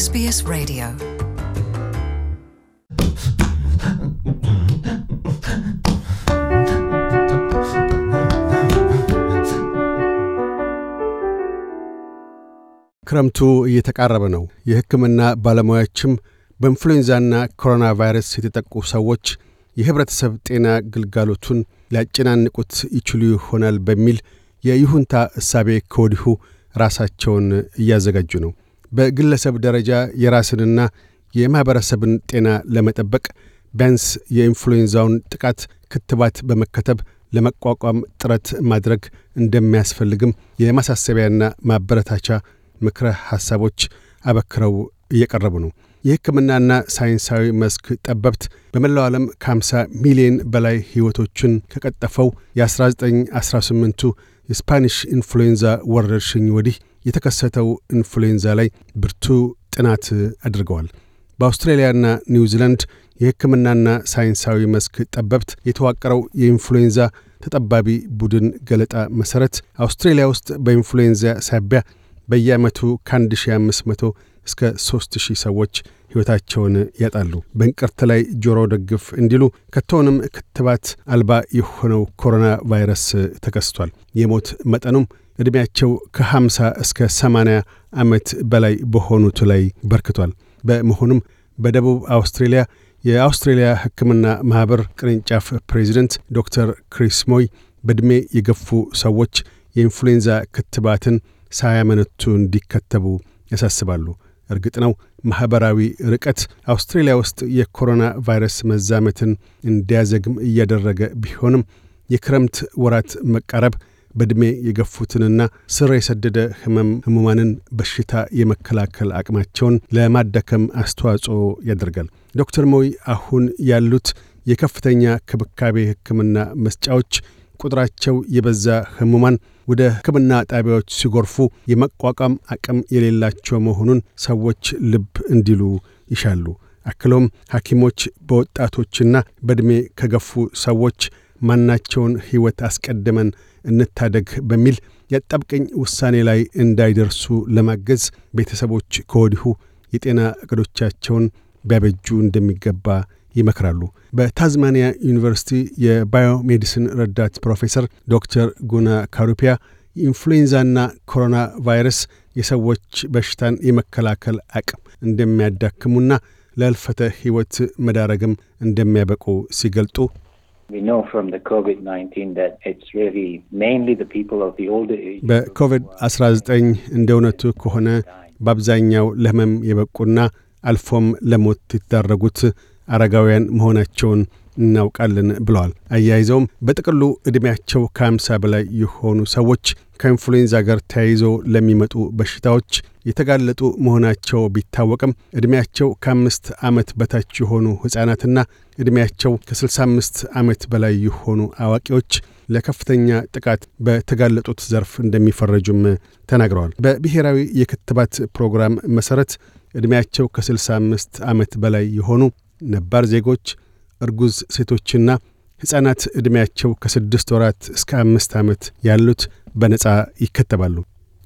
ኤስቢኤስ Radio. ክረምቱ እየተቃረበ ነው። የሕክምና ባለሙያዎችም በኢንፍሉዌንዛና ኮሮና ቫይረስ የተጠቁ ሰዎች የህብረተሰብ ጤና ግልጋሎቱን ሊያጨናንቁት ይችሉ ይሆናል በሚል የይሁንታ እሳቤ ከወዲሁ ራሳቸውን እያዘጋጁ ነው። በግለሰብ ደረጃ የራስንና የማኅበረሰብን ጤና ለመጠበቅ ቢያንስ የኢንፍሉዌንዛውን ጥቃት ክትባት በመከተብ ለመቋቋም ጥረት ማድረግ እንደሚያስፈልግም የማሳሰቢያና ማበረታቻ ምክረ ሐሳቦች አበክረው እየቀረቡ ነው። የሕክምናና ሳይንሳዊ መስክ ጠበብት በመላው ዓለም ከ50 ሚሊዮን በላይ ሕይወቶችን ከቀጠፈው የ1918ቱ የስፓኒሽ ኢንፍሉዌንዛ ወረርሽኝ ወዲህ የተከሰተው ኢንፍሉዌንዛ ላይ ብርቱ ጥናት አድርገዋል። በአውስትራሊያና ኒውዚላንድ የሕክምናና ሳይንሳዊ መስክ ጠበብት የተዋቀረው የኢንፍሉዌንዛ ተጠባቢ ቡድን ገለጣ መሠረት አውስትሬሊያ ውስጥ በኢንፍሉዌንዛ ሳቢያ በየዓመቱ ከ1500 እስከ 3000 ሰዎች ሕይወታቸውን ያጣሉ። በእንቅርት ላይ ጆሮ ደግፍ እንዲሉ ከቶውንም ክትባት አልባ የሆነው ኮሮና ቫይረስ ተከስቷል። የሞት መጠኑም ዕድሜያቸው ከ50 እስከ 80 ዓመት በላይ በሆኑት ላይ በርክቷል። በመሆኑም በደቡብ አውስትሬልያ የአውስትሬልያ ሕክምና ማኅበር ቅርንጫፍ ፕሬዚደንት ዶክተር ክሪስ ሞይ በዕድሜ የገፉ ሰዎች የኢንፍሉዌንዛ ክትባትን ሳያመነቱ እንዲከተቡ ያሳስባሉ። እርግጥ ነው ማኅበራዊ ርቀት አውስትሬልያ ውስጥ የኮሮና ቫይረስ መዛመትን እንዲያዘግም እያደረገ ቢሆንም የክረምት ወራት መቃረብ በዕድሜ የገፉትንና ስር የሰደደ ህመም ህሙማንን በሽታ የመከላከል አቅማቸውን ለማዳከም አስተዋጽኦ ያደርጋል። ዶክተር ሞይ አሁን ያሉት የከፍተኛ ክብካቤ ህክምና መስጫዎች ቁጥራቸው የበዛ ህሙማን ወደ ህክምና ጣቢያዎች ሲጎርፉ የመቋቋም አቅም የሌላቸው መሆኑን ሰዎች ልብ እንዲሉ ይሻሉ። አክሎም ሐኪሞች በወጣቶችና በዕድሜ ከገፉ ሰዎች ማናቸውን ሕይወት አስቀድመን እንታደግ በሚል የጣብቀኝ ውሳኔ ላይ እንዳይደርሱ ለማገዝ ቤተሰቦች ከወዲሁ የጤና እቅዶቻቸውን ቢያበጁ እንደሚገባ ይመክራሉ። በታዝማኒያ ዩኒቨርሲቲ የባዮሜዲሲን ረዳት ፕሮፌሰር ዶክተር ጉና ካሩፒያ ኢንፍሉዌንዛና ኮሮና ቫይረስ የሰዎች በሽታን የመከላከል አቅም እንደሚያዳክሙና ለህልፈተ ሕይወት መዳረግም እንደሚያበቁ ሲገልጡ በኮቪድ-19 እንደ እውነቱ ከሆነ በአብዛኛው ለህመም የበቁና አልፎም ለሞት የተዳረጉት አረጋውያን መሆናቸውን እናውቃለን ብለዋል። አያይዘውም በጥቅሉ ዕድሜያቸው ከአምሳ በላይ የሆኑ ሰዎች ከኢንፍሉዌንዛ ጋር ተያይዞ ለሚመጡ በሽታዎች የተጋለጡ መሆናቸው ቢታወቅም ዕድሜያቸው ከአምስት ዓመት በታች የሆኑ ሕፃናትና ዕድሜያቸው ከ65 ዓመት በላይ የሆኑ አዋቂዎች ለከፍተኛ ጥቃት በተጋለጡት ዘርፍ እንደሚፈረጁም ተናግረዋል። በብሔራዊ የክትባት ፕሮግራም መሠረት ዕድሜያቸው ከ65 ዓመት በላይ የሆኑ ነባር ዜጎች እርጉዝ ሴቶችና ሕፃናት ዕድሜያቸው ከስድስት ወራት እስከ አምስት ዓመት ያሉት በነፃ ይከተባሉ።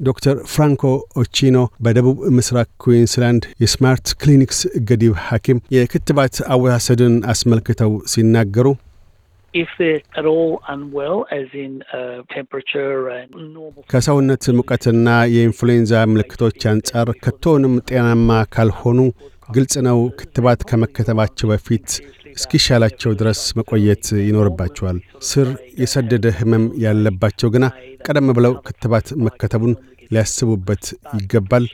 ዶክተር ፍራንኮ ኦቺኖ በደቡብ ምስራቅ ኩዊንስላንድ የስማርት ክሊኒክስ ገዲብ ሐኪም የክትባት አወሳሰድን አስመልክተው ሲናገሩ uh, ከሰውነት ሙቀትና የኢንፍሉዌንዛ ምልክቶች አንጻር ከቶውንም ጤናማ ካልሆኑ ግልጽ ነው። ክትባት ከመከተባቸው በፊት እስኪሻላቸው ድረስ መቆየት ይኖርባቸዋል። ስር የሰደደ ህመም ያለባቸው ግና ቀደም ብለው ክትባት መከተቡን ሊያስቡበት ይገባል።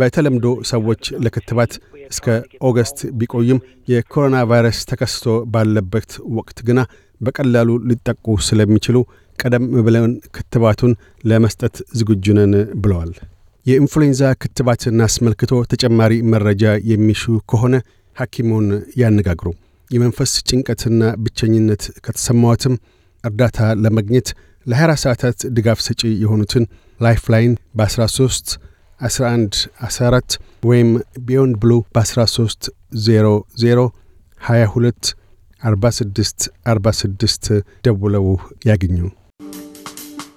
በተለምዶ ሰዎች ለክትባት እስከ ኦገስት ቢቆዩም የኮሮና ቫይረስ ተከስቶ ባለበት ወቅት ግና በቀላሉ ሊጠቁ ስለሚችሉ ቀደም ብለን ክትባቱን ለመስጠት ዝግጁ ነን ብለዋል። የኢንፍሉዌንዛ ክትባትን አስመልክቶ ተጨማሪ መረጃ የሚሹ ከሆነ ሐኪሙን ያነጋግሩ። የመንፈስ ጭንቀትና ብቸኝነት ከተሰማዎትም እርዳታ ለማግኘት ለ24 ሰዓታት ድጋፍ ሰጪ የሆኑትን ላይፍላይን በ13 11 14 ወይም ቢዮንድ ብሉ በ13 00 22 46 46 ደውለው ያግኙ።